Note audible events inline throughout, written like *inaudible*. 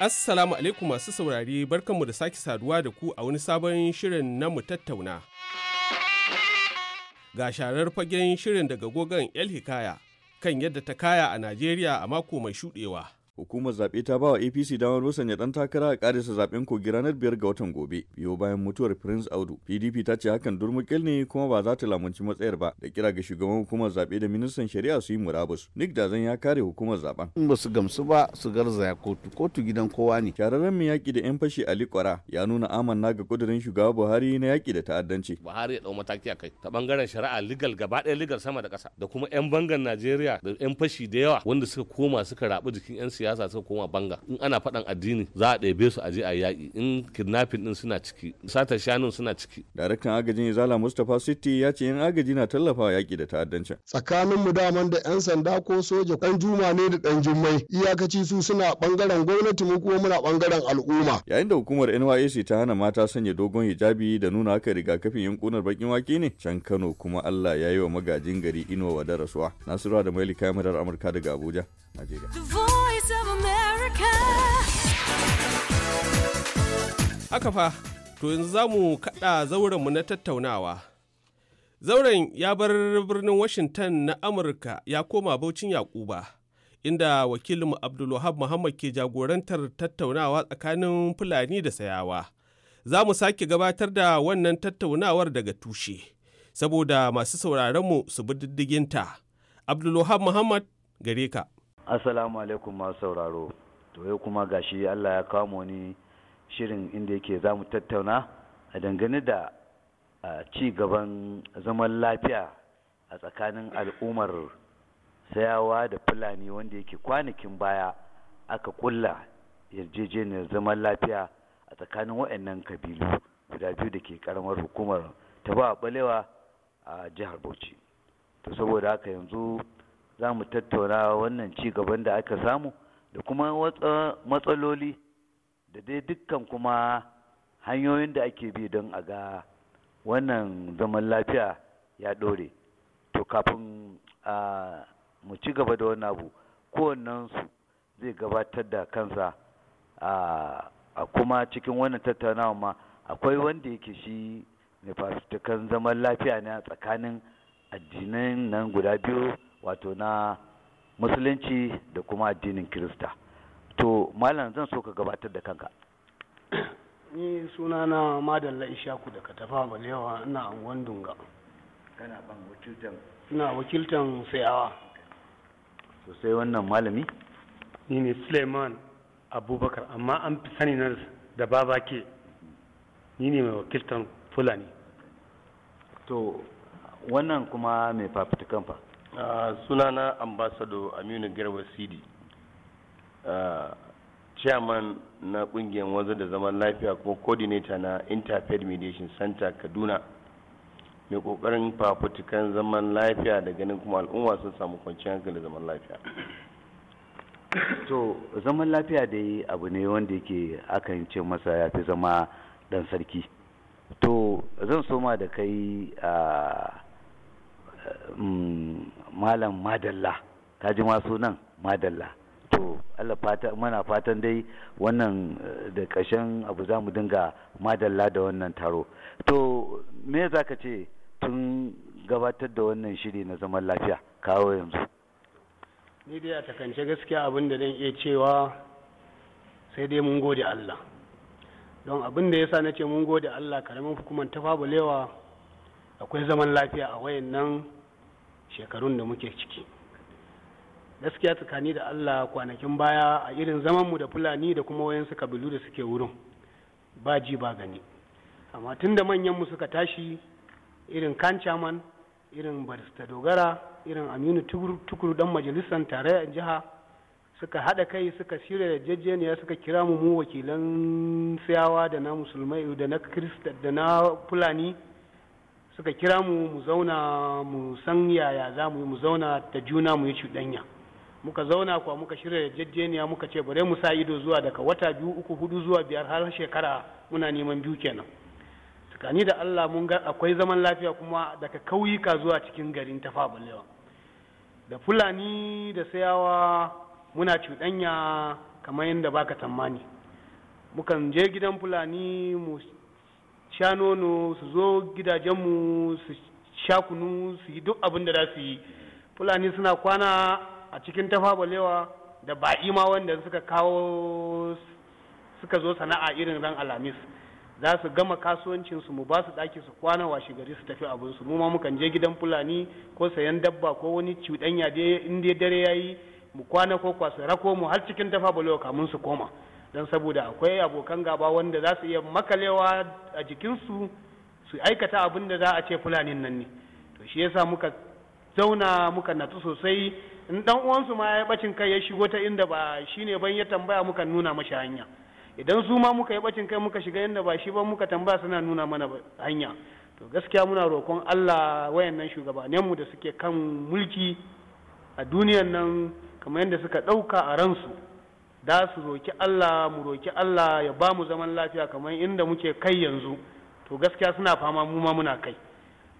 Assalamu alaikum masu saurari barkanmu da sake saduwa da ku a wani sabon shirin na mu tattauna. Ga sharar fagen shirin daga gogon El Hikaya kan yadda ta kaya a Najeriya a mako mai shuɗewa. hukumar zaɓe ta ba wa apc damar musanya ɗan takara a ƙarisa zaɓen kogi ranar biyar ga watan gobe biyo bayan mutuwar prince audu pdp ta ce hakan durmukil ne kuma ba za ta lamunci matsayar ba da kira ga shugaban hukumar zaɓe da ministan shari'a su yi murabus nick dazan ya kare hukumar zaɓen in ba su gamsu ba su garzaya kotu kotu gidan kowa ne shararren mai yaƙi da yan fashi ali kwara ya nuna amanna ga ƙudurin shugaba buhari na yaƙi da ta'addanci buhari ya ɗau mataki a kai ta ɓangaren shari'a legal gaba ɗaya legal sama da ƙasa da kuma yan bangan najeriya da yan fashi da yawa wanda suka koma suka rabu jikin yan siyasa siyasa suka koma banga in ana faɗan addini za a ɗebe su aje a yaƙi in kidnapping din suna ciki sata shanun suna ciki daraktan agajin izala mustapha city ya ce yan agaji na tallafa yaƙi da ta'addancin tsakanin mu daman da yan sanda ko soja ɗan juma ne da ɗan jummai iyakaci su suna bangaren gwamnati mu kuma muna bangaren al'umma yayin da hukumar NYSC ta hana mata sanya dogon hijabi da nuna haka rigakafin yankunar bakin wake ne can Kano kuma Allah ya yi wa magajin gari inuwa da rasuwa Nasiru da Maili kamarar Amurka daga Abuja Najeriya voice Haka fa, to yanzu za mu kaɗa mu na tattaunawa. Zauren ya bar birnin Washington na Amurka ya koma Baucin Yakuba, inda wakilinmu Abdulwahab Muhammad ke jagorantar tattaunawa tsakanin Fulani da Sayawa. Za mu sake gabatar da wannan tattaunawar daga tushe, saboda masu sauraronmu su bi diddiginta. Abdulwahab Muhammad gare ka. Assalamu alaikum masu sauraro. To yau kuma gashi Allah ya kawo ni shirin inda yake za mu tattauna a dangane da ci gaban zaman lafiya a tsakanin al'ummar sayawa da fulani wanda yake kwanakin baya aka kulla yarjejeniyar zaman lafiya a tsakanin waɗannan kabilu guda biyu da ke karamar hukumar ta ba balewa a jihar bauchi to saboda haka yanzu za mu tattauna wannan ci gaban da aka samu da kuma matsaloli da dai dukkan kuma hanyoyin da ake bi don a ga wannan zaman lafiya ya ɗore to kafin mu ci gaba da wani abu kowannensu zai gabatar da kansa a kuma cikin wannan tattaunawa ma akwai wanda yake shi ne fafutukan zaman lafiya ne a tsakanin addinan nan guda biyu wato na musulunci da kuma addinin kirista to malam zan so ka gabatar da kanka *coughs* ni sunana madalla ishaku da katafa balewa ina angon dunga kana ban wakiltan ina wakiltan sayawa sosai wannan malami ni ne suleiman abubakar amma an fi sani na da baba ke ni ne mai wakiltan fulani to wannan kuma mai fafutukan fa sunana Ambasado aminu garba sidi chairman na kungiyar wanzar da zaman lafiya kuma coordinator na interfaith mediation center kaduna mai kokarin fafutukan zaman lafiya da ganin kuma al'umma sun samu kwanciyar hankali da zaman lafiya to zaman lafiya da yi, abu ne wanda yake yi ce masa ya fi zama dan sarki to zan soma da kai a Mm, malam madalla ka ji ma sunan madalla to Allah fata muna fatan dai wannan eh, da ƙashen abu za mu dinga madalla da wannan taro to me za ka ce tun gabatar da wannan shiri na zaman lafiya kawo yanzu ni dai a takance gaskiya abin da zan iya cewa sai dai mun gode Allah don abin da ya sa na ce mun gode Allah karamin hukumar ta fabulewa akwai zaman lafiya a wayannan shekarun da muke ciki gaskiya tsakani da allah kwanakin baya a irin zamanmu da fulani da kuma wayansu kabilu da suke wurin ba ji ba gani amma tun da manyanmu suka tashi irin kancaman irin barista dogara irin aminu tukuru dan majalisar tarayyar jiha suka haɗa kai suka shirya da jejjeniya suka kira mu mu wakilan siyawa da na musulmai da na kirista da na fulani suka kira mu mu zauna mu san yaya za mu mu zauna da juna mu yi cuɗanya muka zauna kuwa muka shirya yarjejeniya muka ce bare mu sa ido zuwa daga wata biyu uku hudu zuwa biyar har shekara muna neman biyu kenan tsakani da Allah mun ga akwai zaman lafiya kuma daga kauyuka zuwa cikin garin ta balewa da fulani da sayawa muna cuɗanya kamar yadda baka tsammani mukan je gidan fulani mu sha nono su zo gidajenmu su sha kunu su yi duk abin da za su yi fulani suna kwana a cikin tafa da ba'i ma wanda suka kawo suka zo sana'a irin ran alhamis za su gama kasuwancinsu mu ba su ɗaki su kwana washe gari su tafi abinsu mu ma mukan je gidan fulani ko sayan dabba ko wani cuɗanya dai in dai dare yi mu kwana ko kwasa rako mu har cikin tafa balewa kamun su koma don saboda akwai abokan gaba wanda za su iya makalewa a jikinsu su aikata abin da za a ce fulanin nan ne to shi yasa muka zauna muka natsu sosai in dan uwansu ma ya bacin kai ya shigo ta inda ba shine ban ya tambaya muka nuna mashi hanya idan su ma muka yi bacin kai muka shiga inda ba shi ba muka tambaya suna nuna mana hanya to gaskiya muna roƙon Allah wayannan shugabanninmu da suke kan mulki a duniyan nan kamar yadda suka ɗauka a ransu da su roki Allah mu roki Allah ya ba mu zaman lafiya kamar inda muke kai yanzu to gaskiya suna fama mu ma muna kai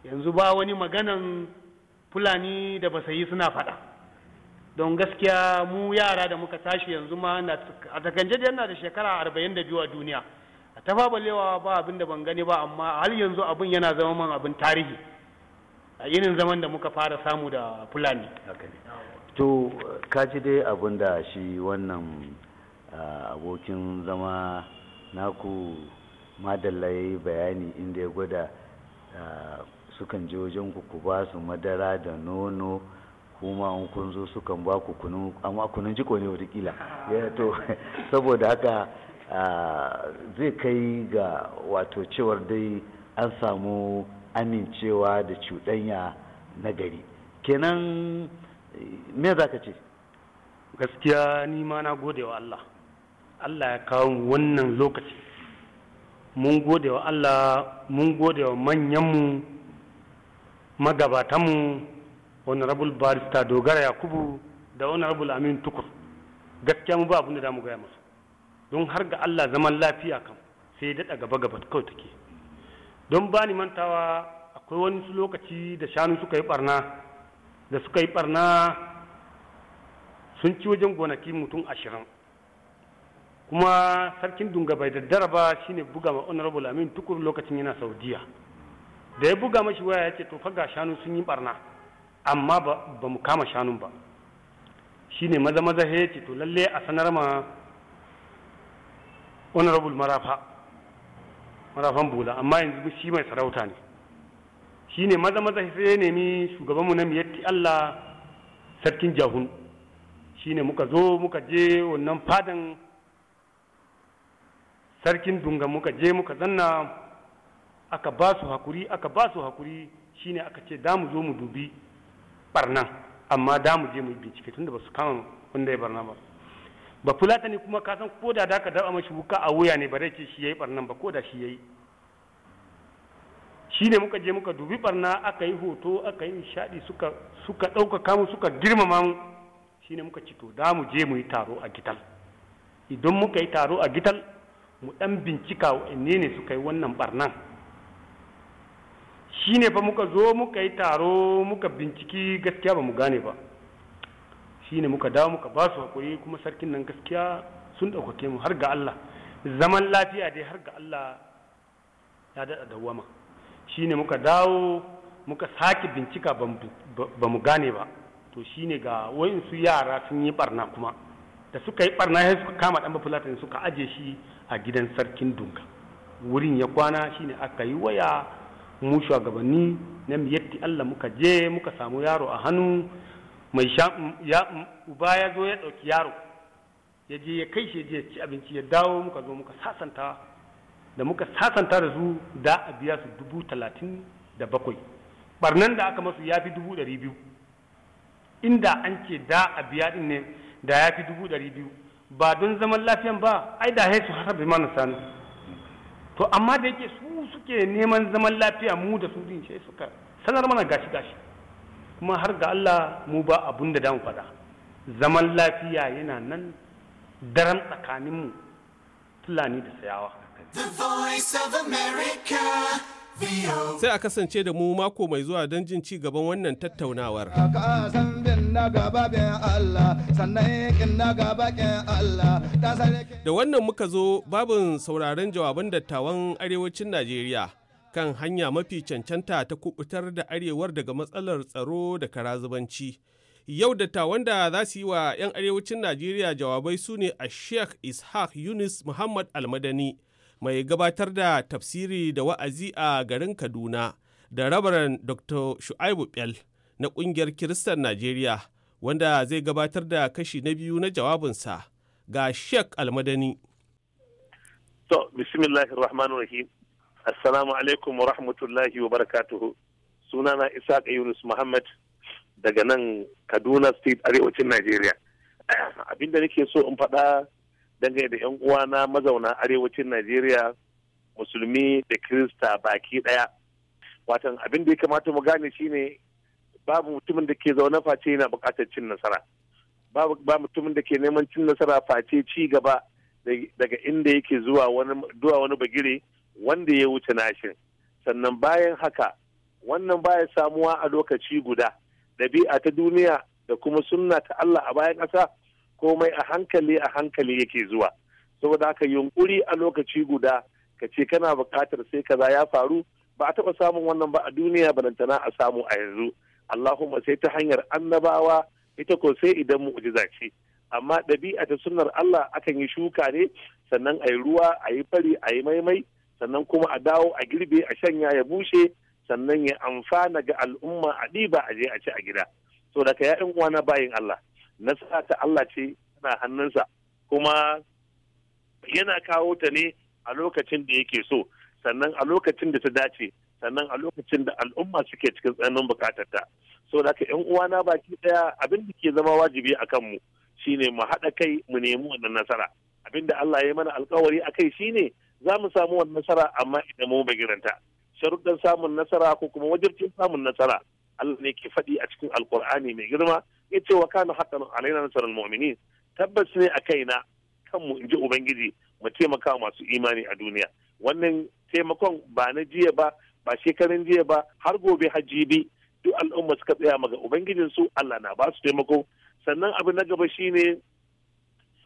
yanzu ba wani maganan fulani da ba suna faɗa don gaskiya mu yara da muka tashi yanzu ma a takanje da yana da shekara arba'in da biyu a duniya a tafa balewa ba abin da ban gani ba amma har yanzu abin yana zama man abin tarihi a irin zaman da muka fara samu da fulani to ji dai abin da shi wannan ah, abokin zama naku yi bayani inda ya gwada ah, sukan je wajen ku ku ba su madara da nono kuma an kun zo sukan ba ku kunun amma kunun jiko ne watakila ah. eh, to *laughs* saboda haka zai kai ga wato cewar dai an samu amincewa da cuɗanya na gari kenan me za ka ce gaskiya ni ma na gode wa Allah Allah ya kawo wannan lokaci mun gode wa Allah mun gode wa manyanmu magabatanmu honorable barista dogara yakubu da honorable amin tukur gaskiya mu ba abin da mu gaya masu don har ga Allah zaman lafiya kam sai daɗa gaba gaba kawai take don ba ni mantawa akwai wani lokaci da shanu suka yi barna da suka yi barna sun ci wajen gonaki mutum ashirin kuma sarkin dunga bai daddara ba shine buga ma honorable amin tukur lokacin yana saudiya da ya buga mashi waya ya ce to ga shanu sun yi barna amma ba mu kama shanun ba shine maza maza ya ce to lalle a sanar ma honorable marafa marafan bula amma yanzu shi mai sarauta ne Shi ne maza maza sai ya nemi shugabanmu na miyatti Allah sarkin jahun ne muka zo muka je wannan fadan sarkin dunga muka je muka zanna aka ba su hakuri aka ba su hakuri ne aka ce damu mu zo mu dubi barnan amma da mu je mu bincike tunda ba su kama wanda ya barna ba ba fulata ne kuma ka san ko da da ka daba mashi wuka a wuya ne ba rai ce shi yayi barnan ba ko da shi yayi Shi ne muka je muka dubi barna aka yi hoto aka yi nishadi suka suka ɗaukaka mu suka girmama mu shi ne muka ci da mu je mu yi taro a gital idan muka yi taro a gital mu ɗan bincika wa'anne ne suka yi wannan barnan ne fa muka zo muka yi taro muka binciki gaskiya ba mu gane ba shi ne muka dawo muka ba su hakuri kuma sarkin nan gaskiya sun ɗaukake mu har ga Allah zaman lafiya dai har ga Allah ya daɗa dawwama. Shi ne muka dawo muka sake bincika ba mu gane ba to shi ne ga wayansu yara sun yi barna kuma da suka yi barna sai suka kama ɗan bafulatin suka aje shi a gidan sarkin dunga wurin ya kwana shi ne aka yi waya mu shugabanni na miyatti Allah muka je muka samu yaro a hannu mai sha ya uba ya zo ya ɗauki yaro ya je ya kai shi ya ya ci abinci ya dawo muka zo muka sasanta da muka sasanta da su da a biya su dubu talatin da bakwai barnan da aka masu ya fi dubu ɗari biyu inda an ce da a biya ɗin ne da ya fi dubu ɗari biyu ba don zaman lafiyan ba ai da su bai mana sani to amma da yake su suke neman zaman lafiya mu da su din sai suka sanar mana gashi gashi kuma har ga Allah mu ba abun da damu faɗa zaman lafiya yana nan daren tsakaninmu fulani da sayawa Sai a kasance da mu mako mai zuwa don jin ci gaban wannan tattaunawar. Da wannan muka zo babin sauraron jawaban dattawan arewacin Najeriya kan hanya mafi cancanta ta kubutar da arewar daga matsalar tsaro da karazubanci. Yau dattawan da za su yi wa 'yan arewacin Najeriya jawabai su ne a Sheikh Ishaq Yunus Muhammad Almadani. mai gabatar da tafsiri da wa'azi a garin Kaduna da rabaran Dr. Shu'aibu Bel na ƙungiyar Kiristan Najeriya wanda zai gabatar da kashi na biyu na jawabinsa ga Sheikh Almadani. To, bismillahir rahim. Assalamu alaikum wa rahmatullahi wa barakatuhu. Sunana Isaac Yunus Muhammad daga nan Kaduna State Arewacin Najeriya. *clears throat* Abinda nake so in faɗa dangane da yan uwana mazauna arewacin najeriya musulmi da kirista baki daya watan abin da ya kamata mu gane shine babu mutumin da ke zaune face yana bukatar cin nasara babu ba mutumin da ke neman cin nasara face ci gaba daga inda yake zuwa wani zuwa wani bagire wanda ya wuce nashin sannan bayan haka wannan baya samuwa a lokaci guda dabi'a ta duniya da kuma sunna ta Allah a bayan ƙasa komai a hankali a hankali yake zuwa saboda haka yunkuri a lokaci guda ka ce kana buƙatar sai kaza ya faru ba a taɓa samun wannan ba a duniya balantana a samu a yanzu allahumma sai ta hanyar annabawa ita ko sai idan mu'jiza ce amma ɗabi'a ta sunnar Allah akan yi shuka ne sannan a yi ruwa a yi fari a yi maimai sannan kuma a dawo a girbe a shanya ya bushe sannan ya amfana ga al'umma a ɗiba a je a ci a gida so daga ya'yan uwa na bayin Allah nasara ta Allah ce na hannunsa kuma yana kawo ta ne a lokacin da yake so sannan a lokacin da ta dace sannan a lokacin da al'umma suke cikin tsananin ta so da ka yan uwana baki daya abin da ke zama wajibi a kanmu shine mu haɗa kai mu nemi wannan nasara abin da Allah ya mana alkawari a kai shine za mu samu wannan nasara amma idan mu giranta sharuɗan samun nasara ko kuma wajibcin samun nasara Allah ne ke faɗi a cikin alkur'ani mai girma yace wa kana haqqan alaina nasrul mu'minin tabbas ne a kaina kanmu in ji ubangiji mu taimaka masu imani a duniya wannan taimakon ba na jiya ba ba shekarun jiya ba har gobe hajji bi duk al'umma suka tsaya maga ubangijin su Allah na ba su taimako sannan abu na gaba shine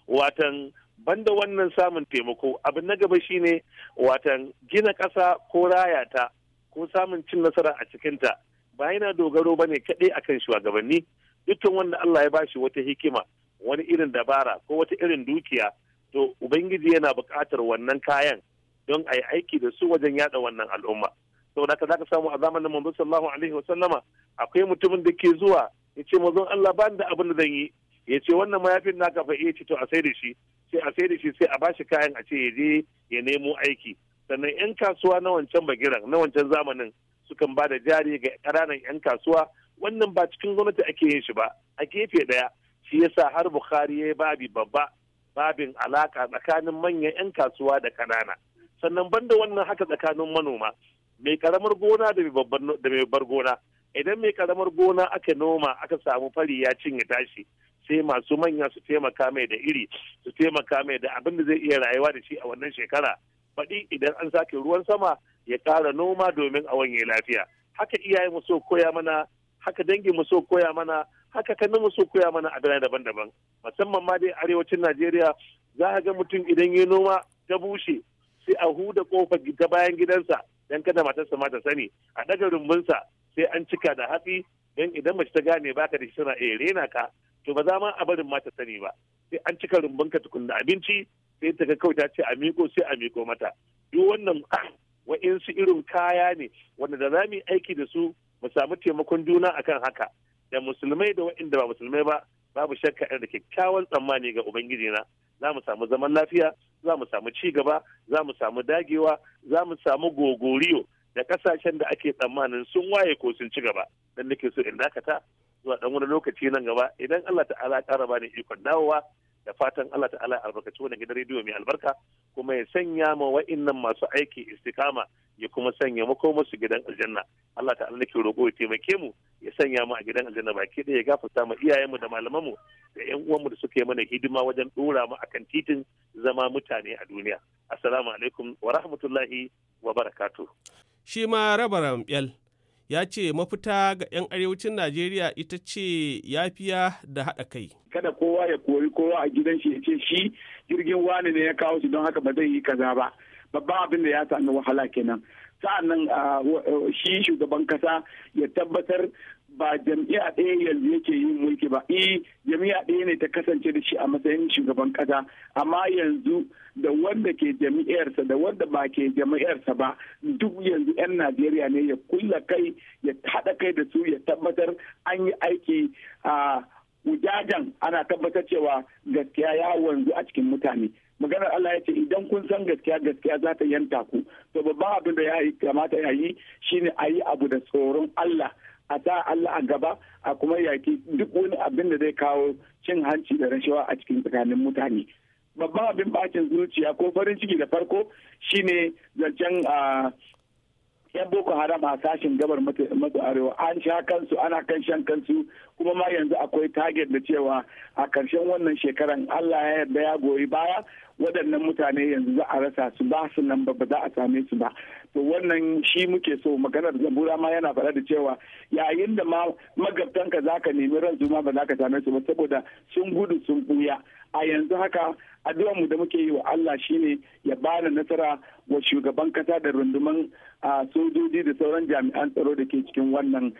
watan banda wannan samun taimako abin na gaba shine watan gina ƙasa ko raya ta ko samun cin nasara a cikinta ba yana dogaro ba ne kaɗai akan shugabanni dukkan wanda Allah ya bashi wata hikima wani irin dabara ko wata irin dukiya to ubangiji yana buƙatar wannan kayan don a yi aiki da su wajen yada wannan al'umma saboda haka zaka samu a zamanin manzo sallallahu alaihi wasallama akwai mutumin da ke zuwa ya ce mazon Allah ba da abin da zan yi ya ce wannan mayafin naka fa iya eh, ce to a sai da shi sai a sai da shi sai a bashi kayan a ce ya je ya nemo aiki sannan yan kasuwa na wancan bagiran na wancan zamanin sukan ba da jari ga ƙananan yan kasuwa wannan ba cikin gwamnati ake yin shi ba a gefe ɗaya shi yasa har bukhari ya yi babi babba babin alaka tsakanin manyan 'yan kasuwa da kanana sannan banda wannan haka tsakanin manoma mai karamar gona da mai bar gona idan mai karamar gona aka noma aka samu fari ya cinye tashi sai masu manya su taimaka mai da iri su taimaka mai da abin da zai iya rayuwa da shi a wannan shekara baɗi idan an sake ruwan sama ya ƙara noma domin a wanye lafiya haka iyayen mu so koya mana haka dangin mu so koya mana haka kanin mu so koya mana a birane daban-daban musamman ma dai arewacin Najeriya za ka ga mutum idan ya noma ta bushe sai a huda kofar ta bayan gidansa dan kada matarsa ma ta sani a daga rumbunsa sai an cika da hatsi dan idan mace ta gane baka da shi tana iya rena ka to ba za ma a barin ma ta sani ba sai an cika rumbunka tukunna abinci sai ta ga kawai ta ce a miko sai a miko mata duk wannan wa'insu irin kaya ne wanda da za mu yi aiki da su mu samu taimakon juna akan haka da musulmai da waɗanda ba musulmai ba babu shakka da kyakkyawan tsammani ga ubangiji na za mu samu zaman lafiya za mu samu ci gaba za mu samu dagewa za mu samu gogoriyo da kasashen da ake tsammanin sun waye ko sun ci gaba dan nake so in dakata zuwa dan wani lokaci nan gaba idan Allah ta'ala ya kara bani ikon dawowa da fatan Allah ta'ala albarkaci wannan gidan rediyo mai albarka kuma ya sanya ma wa'annan masu aiki istikama ya kuma sanya mu ko gidan aljanna Allah ta'ala nake roƙo ya taimake mu ya sanya mu a gidan aljanna baki ɗaya ya gafarta mu iyayenmu da mu da ƴan uwanmu da suke mana hidima wajen dora mu a kan titin zama mutane a duniya assalamu alaikum wa rahmatullahi wa barakatuh shi ma rabaram yal ya ce mafita ga 'yan arewacin Najeriya ita ce yafiya da haɗa kai. Kada kowa ya kori kowa a gidan shi ya ce shi jirgin wani ne ya kawo shi don haka ba zai yi kaza ba. Babban abin da ya sami wahala kenan. sa'annan ah, shi shugaban kasa ya tabbatar ba jami'a ɗaya yanzu yake yin mulki ba eh jam'iyya ɗaya ne ta kasance da shi a matsayin shugaban kasa amma yanzu da wanda ke jam'iyyarsa da wanda ba ke jam'iyyarsa ba duk yanzu 'yan najeriya ne ya kulla kai ya haɗa kai da su ya tabbatar an yi aiki a wujajen ana tabbatar cewa gaskiya ya wanzu a cikin mutane maganar Allah ya ce idan kun san gaskiya gaskiya za ta yanta ku to babban abin da ya kamata ya yi shine a yi abu da tsoron Allah a da Allah a gaba a kuma yaki duk wani abin da zai kawo cin hanci da rashawa a cikin tsakanin mutane babban abin bacin zuciya ko farin ciki da farko shine zancen yan boko haram a sashen gabar masu arewa an sha kansu ana kan shan kansu kuma ma yanzu akwai target da cewa a karshen wannan shekaran allah ya yarda ya goyi baya waɗannan mutane yanzu za a rasa su ba su nan ba ba za a same su ba to wannan shi muke so maganar zabura ma yana faɗa da cewa yayin da ma magabtanka za ka nemi ranzuma ma ba za ka same su ba saboda sun gudu sun buya a yanzu haka addu'ar mu da muke yi wa Allah shine ya bada nasara wa shugaban kasa da runduman sojoji da sauran jami'an tsaro da ke cikin wannan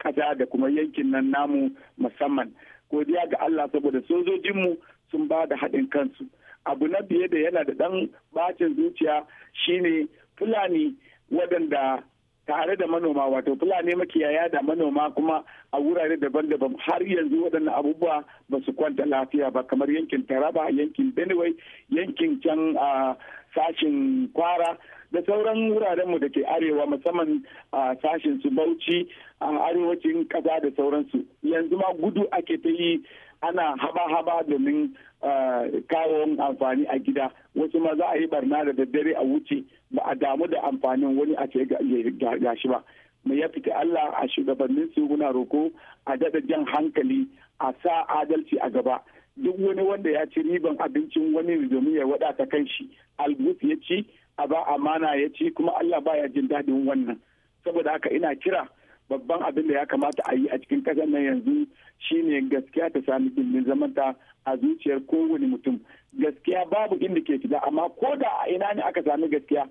kasa da kuma yankin nan namu musamman godiya ga Allah saboda sojojinmu sun ba da haɗin kansu abu na biye da yana da ɗan bacin zuciya shine fulani waɗanda tare da manoma wato fulani makiyaya da manoma kuma a wurare daban-daban har yanzu waɗannan abubuwa ba su kwanta lafiya ba kamar yankin taraba yankin benue yankin can a sashin kwara da sauran wurarenmu da ke arewa musamman a sashin su bauchi a arewacin ƙasa da sauransu yanzu ma gudu ake ta yi ana haba-haba domin ah, kawo amfani a gida wasu ma za a yi barna da daddare a wuce ba a damu da amfanin wani a ce ga shi ba mu ya fita Allah a shugabannin su roko a dada jan hankali a sa adalci a gaba duk wani wanda ya ci riban abincin wani domin ya wadata kan shi algus ya ci a ba amana ya ci kuma Allah baya jin dadin wannan saboda haka ina kira babban abin da ya kamata a yi a cikin ƙasar nan yanzu shine gaskiya ta sami ɗimbin zamanta a zuciyar kowane mutum gaskiya babu inda ke fita amma ko da a ina ne aka sami gaskiya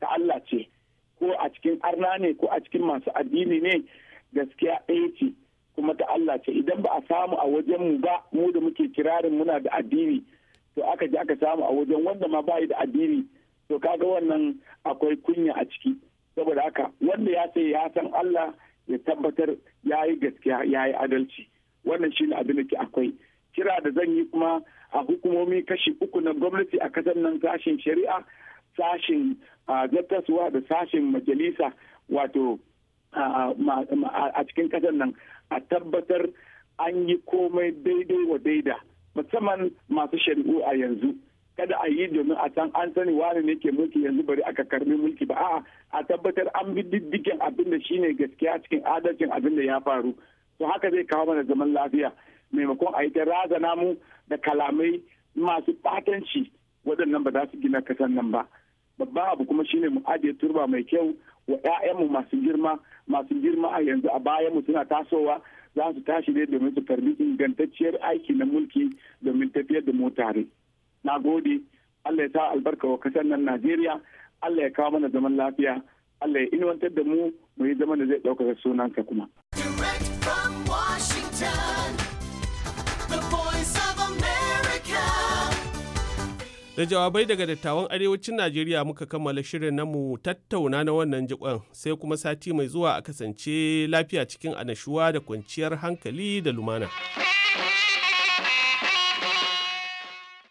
ta Allah ce ko a cikin arna ne ko a cikin masu addini ne gaskiya ɗaya ce kuma ta Allah ce idan ba a samu a wajen mu ba mu da muke kirarin muna da addini to aka je aka samu a wajen wanda ma bayi da addini to kaga wannan akwai kunya a ciki saboda haka wanda ya sai ya san Allah ya tabbatar ya yi gaskiya ya yi adalci wannan shi ne abin da ke akwai kira da zan yi kuma a hukumomi kashi uku na gwamnati a kasar nan sashen shari'a sashen zartaswa da sashen majalisa wato a cikin kasar nan a tabbatar an yi komai daidai wa daida musamman masu shari'u a yanzu kada a yi domin a san an sani wani ne ke mulki yanzu bari aka karbi mulki ba a'a a tabbatar an bi diddigen abin da shine gaskiya cikin adalcin abin da ya faru to haka zai kawo mana zaman lafiya maimakon a yi ta razana mu da kalamai masu batanci waɗannan ba za su gina kasan nan ba babban abu kuma shine mu ajiye turba mai kyau wa mu masu girma masu girma a yanzu a bayan mu suna tasowa za su tashi ne domin su karbi ingantacciyar aiki na mulki domin tafiyar da mu tare. na gode allah ya sa albarka wa kasar nan najeriya allah ya kawo mana zaman lafiya allah ya inuwantar da mu mu yi zaman da zai ɗaukaka sunansa kuma Da jawabai daga dattawan arewacin Najeriya muka kammala shirin mu tattauna na wannan jikon sai kuma sati mai zuwa a kasance lafiya cikin anashuwa da kwanciyar hankali da lumana.